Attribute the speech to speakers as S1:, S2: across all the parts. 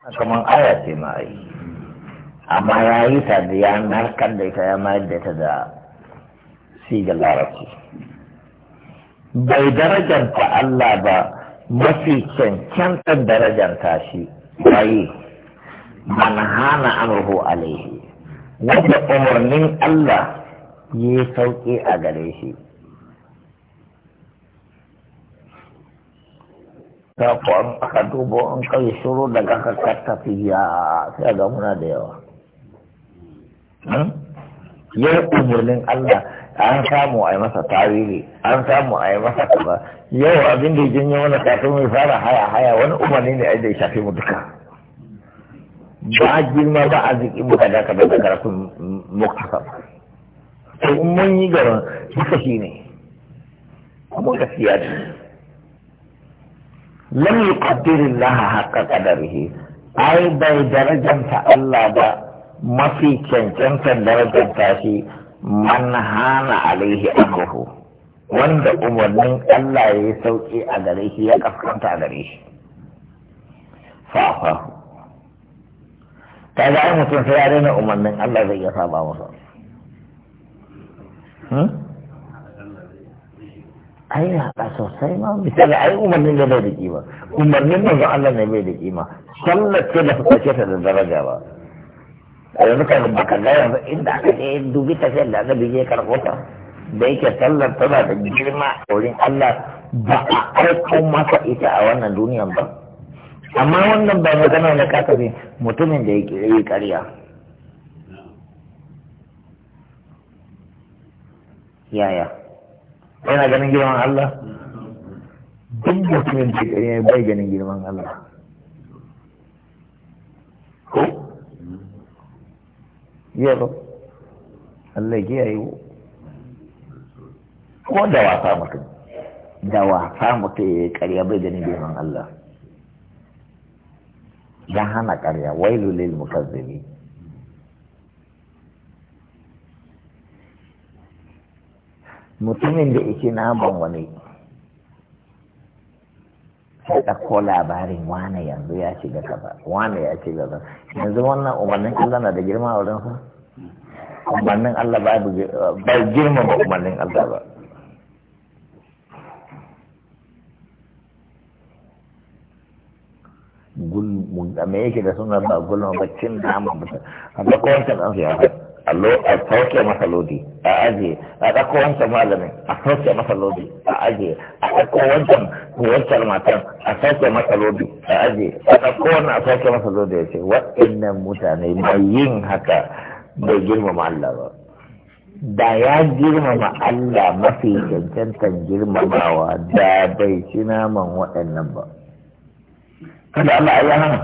S1: kamar aya ce ma ai amma ya yi ta da ya narkar da ita ya mayar da ta da sigar larabci bai darajanta Allah ba mafi cancantar darajanta shi bai man hana amurhu alaihi wanda umarnin Allah ya sauke a gare shi ta ku an aka dubo an kai shuru daga ka tafiya sai ga muna da yawa ya hmm? umarnin Allah an samu a yi masa tarihi an samu a yi masa kaza yau abin da jinye wani kafin mai fara haya haya wani umarni ne da ya shafi mu duka ba girma ba a zikin mu kada ka daga karfin muktasar to in mun yi gaban duka shi ne kuma gaskiya ne lam yuqaddirillaha haqqa qadarihi ai bai darajanta Allah ba mafi cancantar darajanta shi man hana alaihi amruhu wanda umarnin Allah ya yi sauki a gare shi ya kaskanta a gare shi ta kaga ai mutum sai ya daina umarnin Allah zai iya saba masa ai haɗa sosai ma misali ai umarnin da bai da kima umarnin manzo Allah ne bai da kima sallar ce da kace ta da daraja ba a yanzu ba ka ga yanzu inda aka je dubi ta sai da bi je kar kota da yake sallar tana da girma a Allah ba a aiko masa ita a wannan duniyan ba amma wannan ba magana na kasa mutumin da ya yi ƙarya yaya yana ganin girman Allah duk mutumin da ya bai ganin girman Allah ko yaro Allah ya yi ko da wasa mutum da wasa mutum ya yi bai ganin girman Allah ya hana karya wailu lil mukazzibi mutumin da yake naman wani ya ɗauko labarin wane yanzu ya shiga kaza wane ya ce kaza yanzu wannan umarnin Allah na da girma wurin sa umarnin Allah ba girma ba umarnin Allah ba gulmu da me yake da sunan ba gulmu ba cin nama ba a da kowace ɗansu ya faɗi allo a sauke masa lodi a aje a ɗauko wancan malamin a sauke masa lodi a aje a ɗauko wancan wancan matan a sauke masa lodi a aje a ɗauko wannan a sauke masa lodi ya ce waɗannan mutane mai yin haka bai girmama Allah ba da ya girmama Allah mafi cancantan girmamawa da bai ci naman waɗannan ba kada Allah ya hana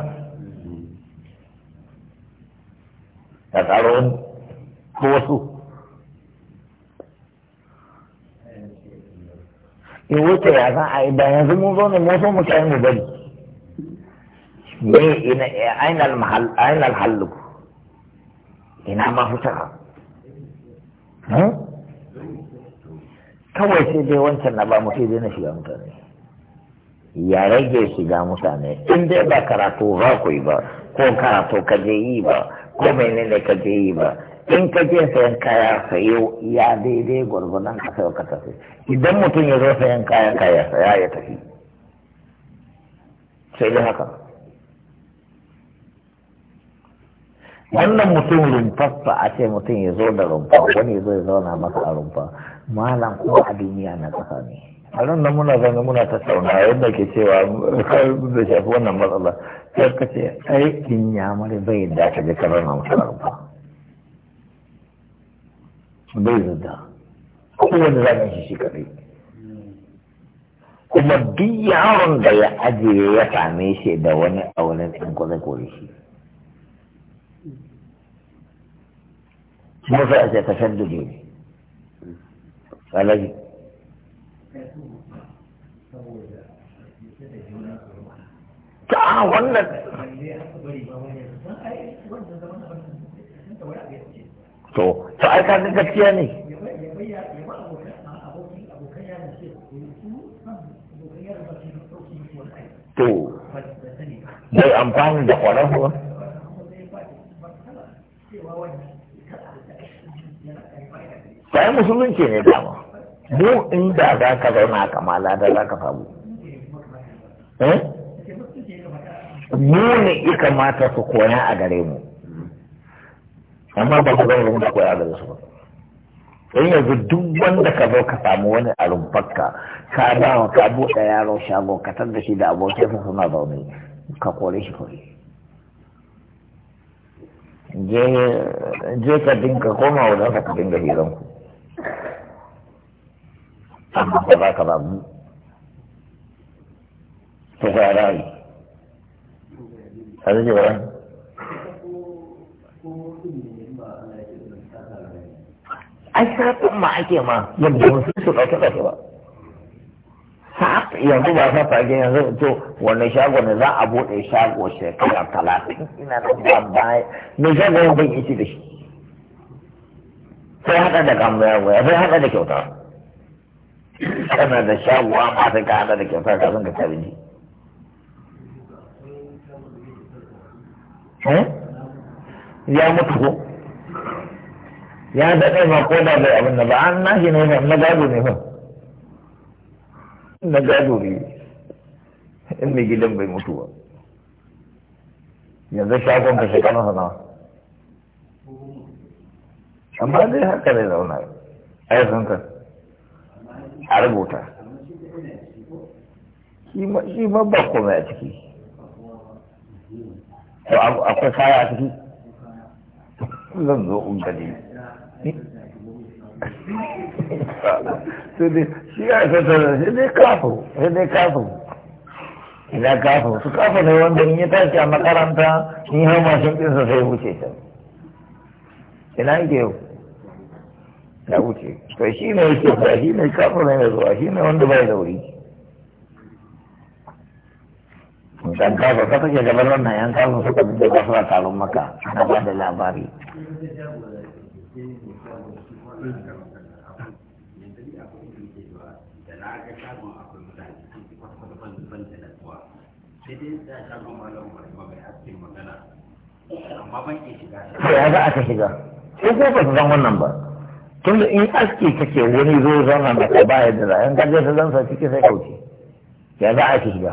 S1: ta tsaro ko wasu in wuce ya san a da yanzu mun zo ne mun so mu kai mu bari me ina ainal mahal ainal hallu ina ma hm? kawai sai dai wancan na ba mu sai dai na shiga mutane ya rage shiga mutane in dai ba karatu ba ku yi ba ko karatu ka je yi ba ko menene ka je yi ba in ka je sayan kaya sayo ya daidai gwargwadon ka sayo ka tafi idan mutum ya zo sayan kaya kaya saya ya tafi sai dai haka wannan mutum rumfarsa a ce mutum ya zo da rumfa wani ya zo ya zauna masa a rumfa malam kuma a duniya na ƙasa ne a nan nan muna zama muna tattauna yadda ke cewa da shafi wannan matsala sai ka ce aikin ya mara bai da ka je ka zauna masa a rumfa bai zidda kowane zanen shi shi kadai kuma duk yaron da ya ajiye ya same shi da wani auren in kwaze kore shi kuma sai a ce tashar duje ne alaji ta wannan to to ai kaga gaskiya ne to bai amfani da kwararwa sai musulunci ne dama mu inda za ka zauna a kamala da za ka samu eh? mu ne ya kamata su koya a gare mu amma ba ku zama da koya a gare su ba don yanzu duk wanda ka zo ka samu wani a rumfarka ka dawa ka buɗe yaro shago ka tar da shi da abokinsa suna zaune ka kore shi kore je ka dinka koma wajen ka dinga hiran ku amma ba za ka ba mu ta fara yi a zai ba ai saƙon ma ake ma yadda wasu su ɗauke ɗauke ba saƙ yanzu ba sa fage yanzu to wani shago ne za a bude shago shekara talatin ina da ba baya mai shago yau ban isi da shi sai haɗa da gambayar ya? sai hada da kyauta kana da shago amma sai ka hada da kyauta kafin ka sabin ji. Eh? ya mutu ko ya daɗe ba ko da bai abin da ba an nashi ne fa na gado ne ba na gado ne in mai gidan bai mutu ba yanzu shagon ka shekaru sana amma dai haka zai zauna ai sun ka a rubuta shi ma ba komai a ciki
S2: to akwai kaya a ciki
S1: zan zo in gani sai dai shi ya isa tare sai dai kafu sai dai kafu ina kafu su kafu ne wanda in ya tashi a makaranta in hau mashin ɗinsa sai wuce can ina yake yau ya wuce to shi ne yake ba shi ne kafu ne ya zuwa shi ne wanda bai da wuri dan kafa ka take gaban wannan yan kafa suka bi da gafara taron maka ana ba da labari na shagon akwai mutane sun fi kwata ban ban da sai dai shagon mai magana amma ban ke shiga ya aka shiga ko ba su san wannan ba tun da in aski kake wani zo zauna da ka in ka je zansa ciki sai kauce ya za a shiga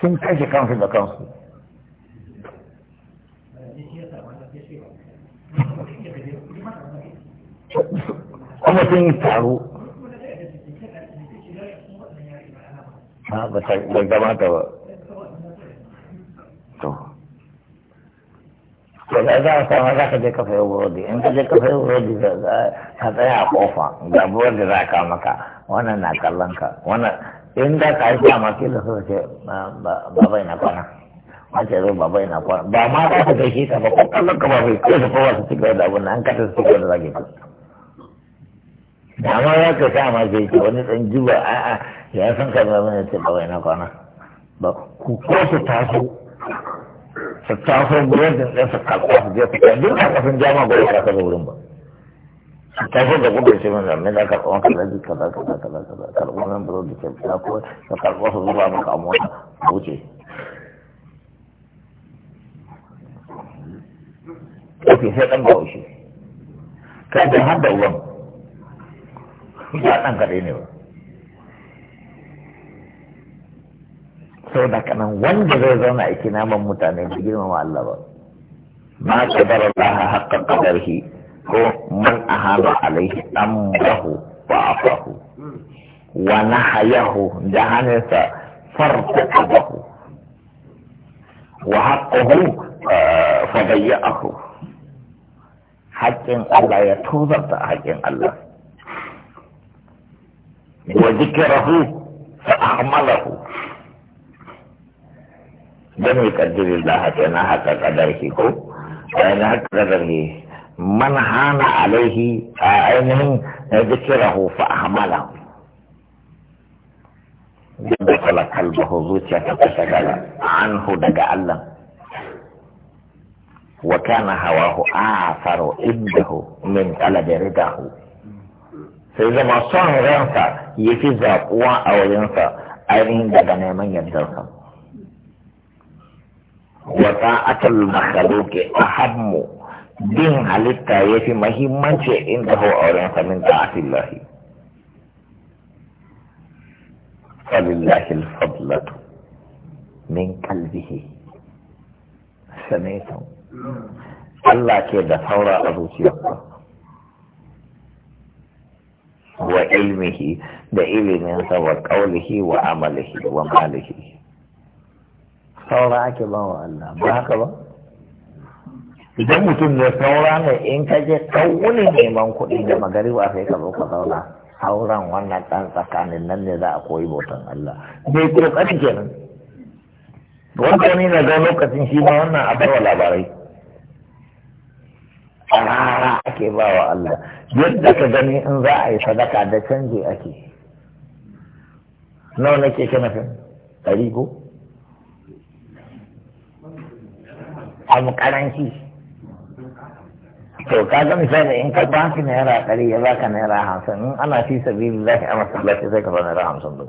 S1: sun kashe kansu da kansu kuma sun yi taro ha ba ta gamata ba to to da za a sama za ka je kafa yau burodi in ka je kafa yau burodi ka tsaya a kofa ga burodi za ka maka wannan na kallon ka wannan in da ka yi dama ke da suka ba bai na kwana wace zo bai na kwana ba ma za ka gaishe ka ba ko kallon ka babai ko da kowa su cigaba da abin nan an kata su cigaba da zage ka da ma za ka sa ma zai ta wani ɗan jiba a'a ya san ka zama ne ta bawai na kwana ba ku ko su taso su taso gurin din ɗan su kakwa su je su kai a kasan jama gwai ka kasa wurin ba su taso da kuma shi mun zama da karɓar wani kalaji kaza kaza kaza kaza karɓar wani buro da ke fita ko su karɓar su zuba maka mota wuce. Ofe sai ɗan ba wuce. Kai da har da uwan ba ɗan ini ne ba sau da kanan wanda zai zauna a kina man mutane su Allah ba
S2: ma kadar Allah haƙƙan
S1: kadarhi ko man ahaba alaihi dan bahu wa afahu wa nahayahu da hannunsa farta kabahu wa haƙƙahu eh, fadayya'ahu haƙƙin Allah ya tozarta haƙƙin Allah وذكره فأعمله لم يقدر الله كان حتى قدره كان حتى قدره من هان عليه عينه ذكره فأعمله دخل قلبه زوجة تشغل عنه دقى الله وكان هواه آثر عنده من طلب رضاه sai zama son ransa ya fi zaɓuwa a wajensa ainihin daga neman yardarsa atal ta'atul a hannu bin halitta ya fi mahimmanci inda hau auren sa min ta'atillahi falillahi Falillahil fadlatu min kalbihi sanaitu Allah ke da saura a zuciyarsa wa ilmihi da iliminsa wa ƙaulihi wa amalihi wa malihi saura ake ba wa Allah ba haka ba idan mutum ne saura ne in ka je kawuni neman kuɗi da ba sai ka zo ka saura sauran wannan ɗan tsakanin nan ne za a koyi bautan Allah bai ƙoƙari kenan wanda wani na ga lokacin shi ma wannan a labarai kwarara ake ba wa Allah yadda ka gani in za a yi sadaka da canji ake nawa nake kana kan ɗari ko abu karanci to ka ga misali in ka ba ki naira ɗari ya ba ka naira hamsin in ana fi sabilillahi a masallaci sai ka ba naira hamsin ba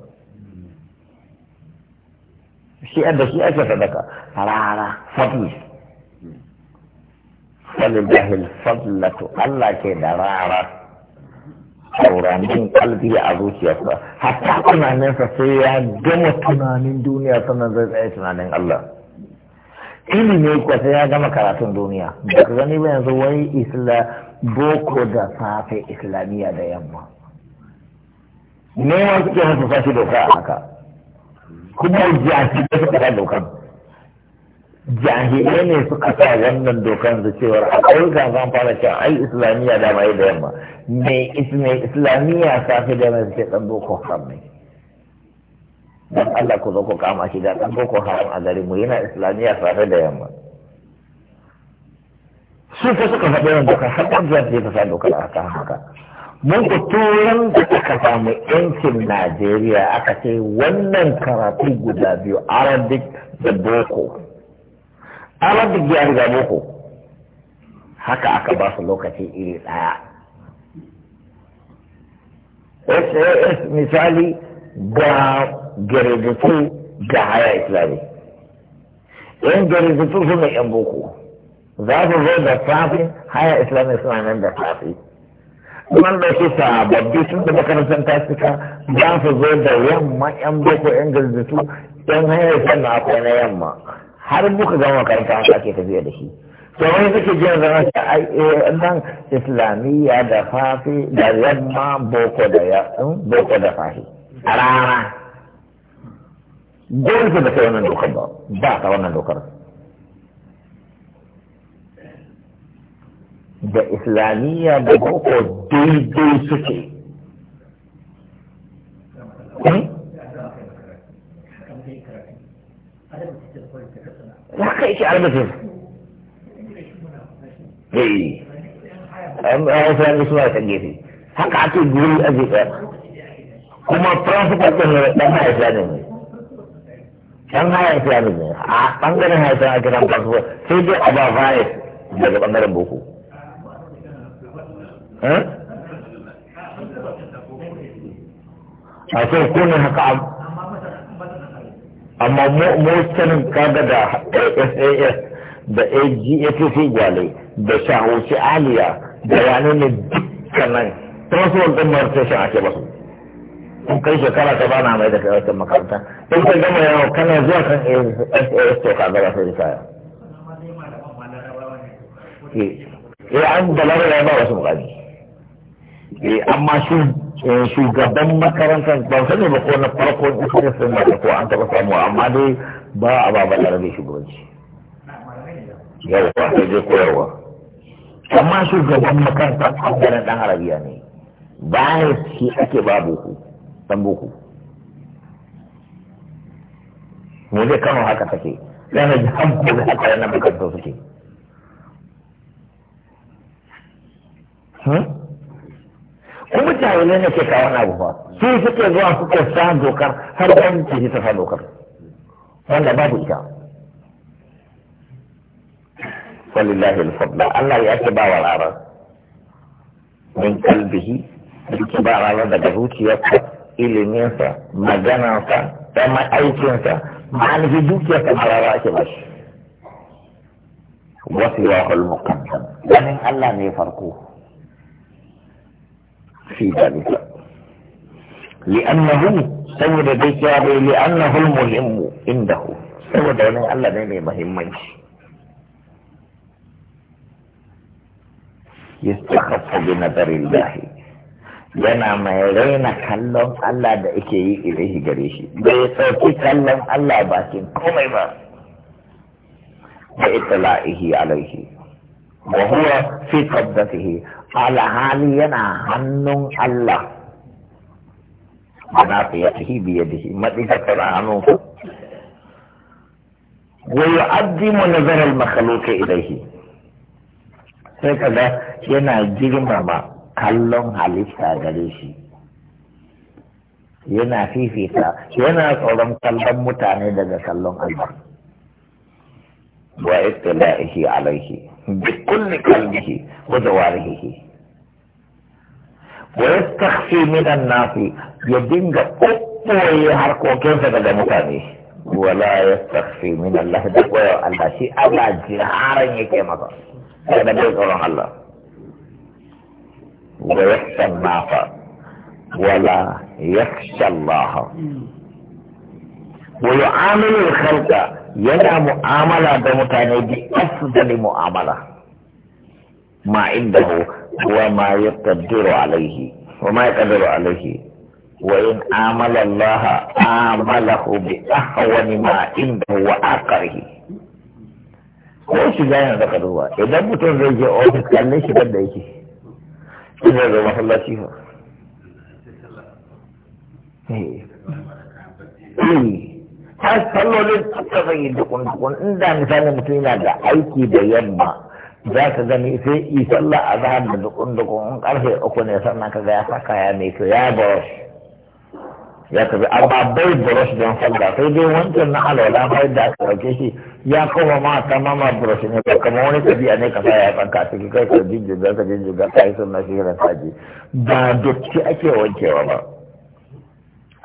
S1: shi da shi ake sadaka rara fadis ولله الفضلة الله كدرارة sauranin kalbi a zuciyarsa hatta tunaninsa sai ya gama tunanin duniya sannan zai tsaye tunanin Allah ilimi kuwa sai ya gama karatun duniya daga gani ba yanzu wai isla boko da safe islamiyya da yamma neman suke hasu fashi doka a haka kuma jashi da suka da dokar jahilai ne suka sa wannan dokan da cewar a ƙauyuka zan fara cewa ai islamiyya da mai da yamma me islamiyya safe da yamma suke ɗan boko haram ne don Allah ku zo ku kama shi da ɗan boko haram a gari mu yana islamiyya safe da yamma su ka suka faɗi wannan doka har ɗan jiya ta sa dokar a kan haka mun ku turan da aka samu yankin Najeriya aka ce wannan karatu guda biyu Arabic da Boko. amar da ya riga boko haka aka ba su lokaci iri ɗaya misali ga girgitu ga haya islami yan girgitu su yan boko za su zo da safi haya islami suna nan da safi wanda su sababbi sun da makarantar tasika za su zo da yamma yan boko yan girgitu yan haya islami akwai na yamma har muka gama makaranta haka ake tafiya da shi to wani suke jin zama ta eh, nan islamiyya da fafi da yamma boko da ya hmm? boko da fafi a rana gwamnati da kai wannan dokar ba ba ta wannan dokar da islamiyya da boko daidai suke hmm? haka yake albashin eh an san suna ta gefe haka ake guri a gefe kuma principal din ne dan haifa ne dan haifa ne a bangaren haifa a kiran principal sai dai a ba fare daga bangaren boko eh?
S2: a sai ko haka
S1: amma mu kaga da ASAS da agfc gwale da shahoci aliya da yanu ne dukkanin transfer din martation ake basu in kai shekara ta bana mai da kai makaranta in ka gama yawo kana zuwa kan ASAS to kaga da sai kaya eh, eh an da ya ba wasu bukani eh amma shi Eh, shugaban makarantar ba sani ba ko na farko isirin sun da ko an taɓa samu amma dai ba a ba balar da shugabanci yawa ta je koyarwa amma shugaban makaranta ɓangaren ɗan arabiya ne ba shi ake ba boko ɗan boko mu dai kano haka take yana ji an kuma haka yana makarantar suke Hmm? sai mutane ne ke kawo abu ba su suke zuwa suke sa dokar har ɗan ciki ta sa dokar wanda babu ita walillahi alfadla Allah ya ce ba wa rarar min kalbihi yake ba rarar daga zuciyarsa iliminsa maganarsa da ma'aikinsa ma'anifi dukiyarsa ba rara ake ba shi wasu yawon mukaddam ganin Allah ne farko في ذلك لانه سيد ذكري لانه المهم عنده سيد يعني الذين مهمين يستخف بنظر الله لنا ما يرينا كلهم ألا دعكي إليه قريشي بيصوتي كلهم ألا باكين كوميبا بإطلاعه عليه
S2: wa huwa
S1: fi qabdatihi hali yana hannun Allah ana fiyatihi bi yadihi madiga tara hannu wa yu'addimu nazar al-makhluq ilayhi sai kaga yana girmama kallon halitta gare shi yana fifita yana tsoron kallon mutane daga kallon Allah wa istila'ihi alaihi بكل قلبه وجوارحه ويستخفي من الناس يدنج قوي حركوكين بدا مكاني ولا يستخفي من الله دقوة الله شيء أبا جهارا يكي مطر هذا بيقرون الله ويخشى الناس ولا يخشى الله ويعامل الخلق yana mu'amala da mutane bi asdali mu'amala ma hu wa ma yaqdiru alaihi wa ma yaqdiru alaihi wa in amala Allah amala hu bi ahwani ma hu wa aqrihi ko shiga yana da kaduwa idan mutum zai je ofis kallon shigar da yake shi zai zo masallaci fa eh. Eh. har sallolin suka zai yi dukun dukun inda misali mutum yana da aiki da yamma za ka gani sai yi sallah a zahar da dukun dukun in karfe uku ne sannan ka ga ya saka ya mai to ya brush ya tafi amma bai brush don salla sai dai wancan na alwala bai da aka ɗauke shi ya koma ma ta mama brush ne ko kamar wani biya ne ka ya tsanka ciki kai ka jinjiga ka jinjiga ka yi sannan shi ka ji ba dotti ake wankewa ba.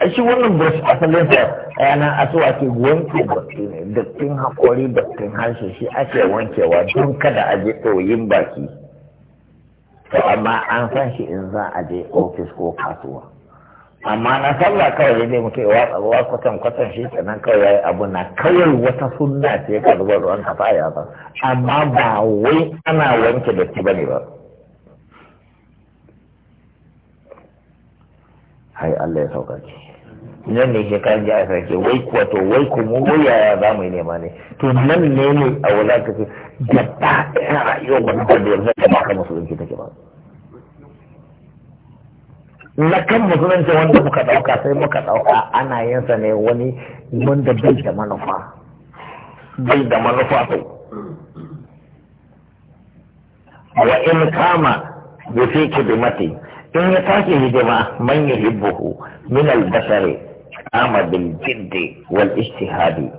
S1: a shi wannan brush asalin sa yana aso ake wanke datti ne dattin hakori dattin harshe shi ake wankewa don kada a je ɗoyin baki to amma an san shi in za a je ofis ko kasuwa amma na sallah kawai dai muke watsa ruwa kwatan kwatan shi kenan kawai yayi abu na kawai wata sunna ce ka zuba ruwan ka faya ba amma ba wai ana wanke datti bane ba hai Allah ya sauka nan ne ke kayan jiya sai ke wai kuwa to wai kuma wai yaya za mu yi nema ne to nan ne ne a wala ka ce ta ɗaya rayuwar wani da yarda da ba ka musulunci take ba na kan musulunci wanda muka ɗauka sai muka ɗauka ana yin sa ne wani wanda bai da manufa bai da manufa to wa in kama ya fi kidimati in ya sake hidima man yuhibbuhu min al-basari قام بالجد والاجتهاد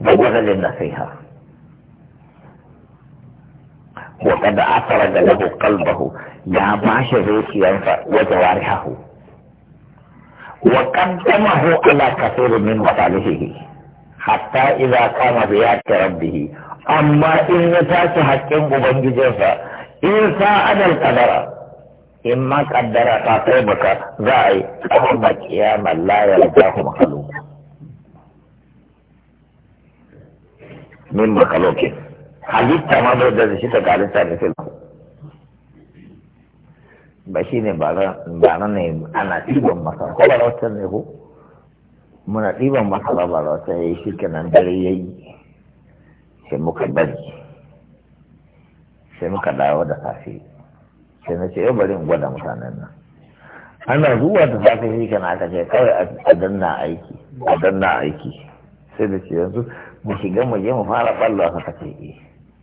S1: وبذل النصيحة وقد أفرد له قلبه يا باشا ذيك ينفع وجوارحه وقدمه على كثير من مصالحه حتى إذا قام بياك ربه أما إن يتاس حكم أبنجي إن ساعد القدر in ma kaddara ta kai baka za a yi kafin ba kiyama la yarda ku makaluk min makalukin halitta ma bai da shi ta halitta ne fil ba shi ne ba na ne ana ɗiban masa ko ba wata ne ko muna ɗiban masa ba ba rautar ya yi shi kenan dare ya yi sai muka bari sai muka dawo da safe sai na ce yau eh, bari in gwada mutanen nan ana zuwa da safe shi kana aka ce kawai a danna aiki a danna aiki sai da ce yanzu mu shiga mu je mu fara ballo aka kace eh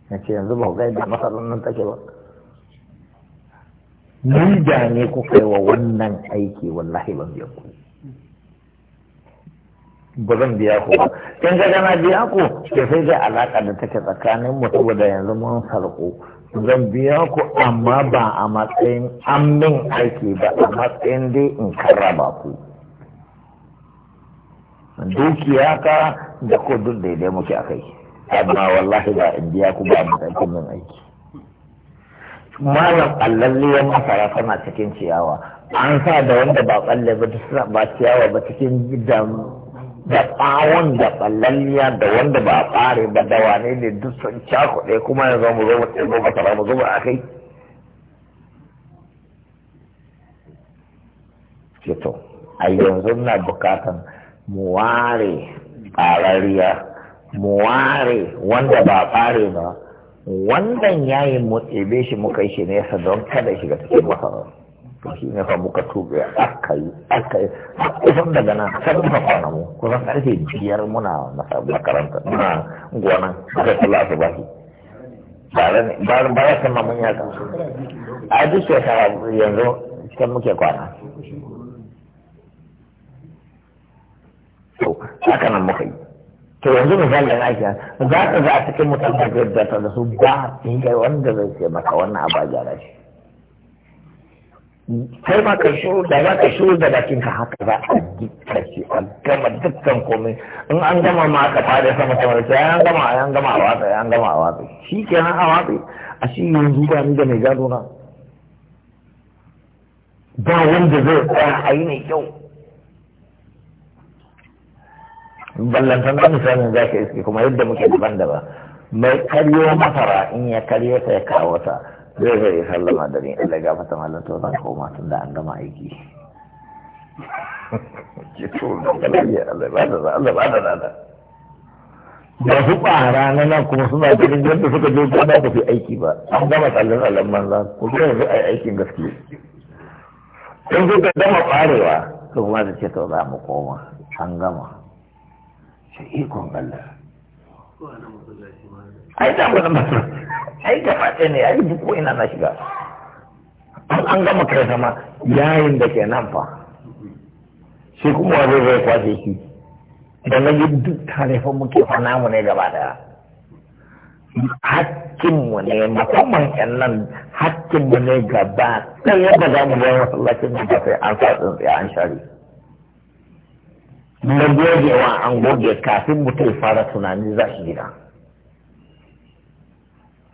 S1: na ce yanzu ba ku ga da masarar nan take ba ni da ne ku kai wa wannan aiki wallahi ban biya ku ba zan biya ku ba kin ga gana biya ku ke sai da alaka da take tsakanin mu saboda yanzu mun sarko zan biya ku amma ba a matsayin amin aiki ba a matsayin dai in karraba ku dukiya ka da ku duk daidai muke akai amma wallahi ba in biya ku ba a matsayin min aiki malam allalliyar masara tana cikin ciyawa an sa da wanda ba kalle ba ciyawa ba cikin gidan da tsawon da tsallaniya da wanda ba a tsare ba da wane ne duk sun cakuɗe kuma yanzu mu zo mu tsirgo mu zuba a kai ceto a yanzu na bukatan mu ware tsarariya mu ware wanda ba ɓare ba wannan yayin mu ɗebe shi mu kai shi nesa don kada shiga cikin masarar. to shi ne fa muka aka yi aka yi kusan daga nan sai muka kwana mu kusan karfe biyar muna makaranta muna aka kula su ba shi ba ya a duk shekara yanzu sai muke kwana to haka nan muka yi to yanzu misali da za ka a cikin mutum da ta da su ba in kai wanda zai ce maka wannan abu shi
S2: kai ma ka shiru da za ka shiru da
S1: bakin ka haka za a jikka shi a gama dukkan komai in an gama ma aka tare sama sama sai an gama an gama a wata an gama a wata shi kenan a wata a shi yanzu ba ni da mai gado na ba wanda zai tsaya a yi mai kyau ballantan da misalin za ka iske kuma yadda muke daban-daban mai karyo masara in ya karyo ta ya kawo ta zai zai sallama da ni Allah ga fata mallan to zan koma tun da an gama aiki ke to da lafiya Allah ba da Allah ba da nada ba su bara na nan kuma suna cikin yadda suka je ko da tafi aiki ba an gama sallan Allah manza ko kuma yanzu ai aikin gaskiya
S2: in suka gama barewa
S1: to kuma su ce to za mu koma an gama shi ikon Allah ai da ba su ai da fata ne ai duk ina na shiga an gama kai sama yayin da ke nan fa shi kuma wani zai kwashe shi da na yi duk tarifin muke fa namu ne gaba daya mu ne musamman yan nan mu ne gaba ɗaya ba za mu bayan masallacin nan ba sai an sa tsintsiya an share na gogewa an goge kafin mutum fara tunani za shi gida.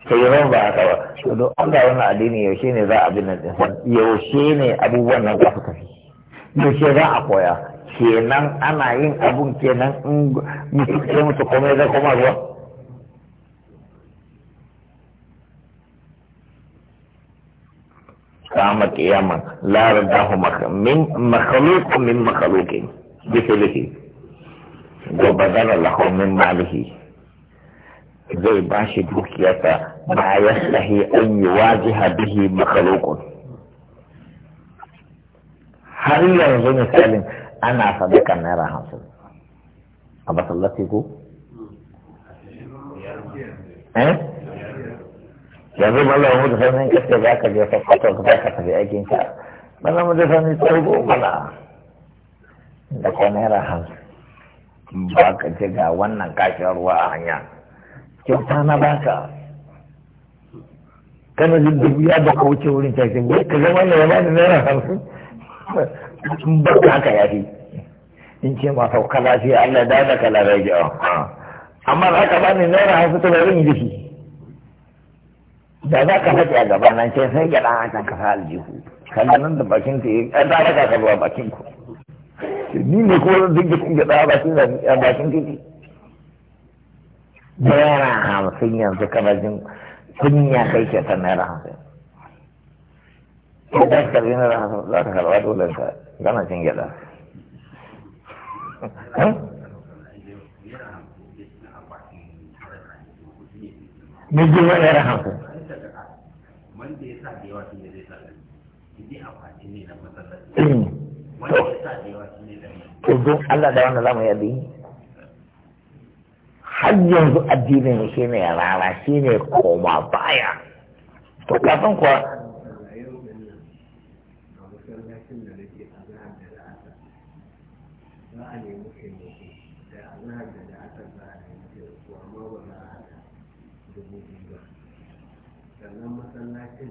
S1: to yi ba haka ba to don Allah wannan addini yaushe ne za a bi nan din yaushe ne abubuwan nan za su tafi yaushe za a koya kenan ana yin abun kenan in mutum ya mutu komai zai koma ruwa kama kiyaman la radahu min makhluq min makhluqin bi fihi wa badala lahu min malihi zai ba shi dukiyarsa ba ya sahi an yi wajiha bihi makalokun har yanzu misalin ana sadaka naira hamsin a masallaci ko? Eh? yanzu mallawa mutu sanin kace za ka je sakwato ba ka tafi aikin ka mallawa mutu sanin ko mana da ko naira hamsin ba ka ce ga wannan kashin ruwa a hanya kyauta na baka kana jin dubu ya da wuce wurin cakin wai ka zama da ba da naira hamsin in ba ka haka ya fi in ce ma sauka lafiya Allah da da kala gyawa amma za ka bani naira hamsin ta bari in jiki da za ka haɗe a gaba nan ce sai gyaɗa a can ka sa aljihu kana nan da bakin ta yi ɗan da ka eh, ka bakin ku ni ne ko zan dinga kun gyaɗa a bakin titi naira hamsin yanzu kana jin kunya kai ke ta naira hamsin ko naira hamsin za karba dole ka gana cin ji wa hamsin hmm. to don Allah da wanda yi har yanzu addinin shi ne rara shi ne koma baya to kafin kuwa masallacin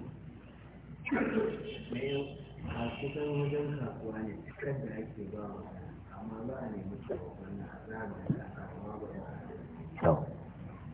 S1: ɗayan a kusan wajen kasuwa ne cikar da ake ba amma za a nemi taimakon na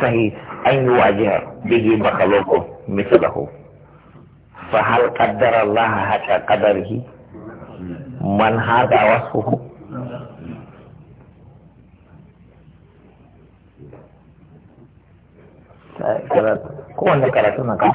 S1: sahi an yi wajiyar bigi bakaloko misalahu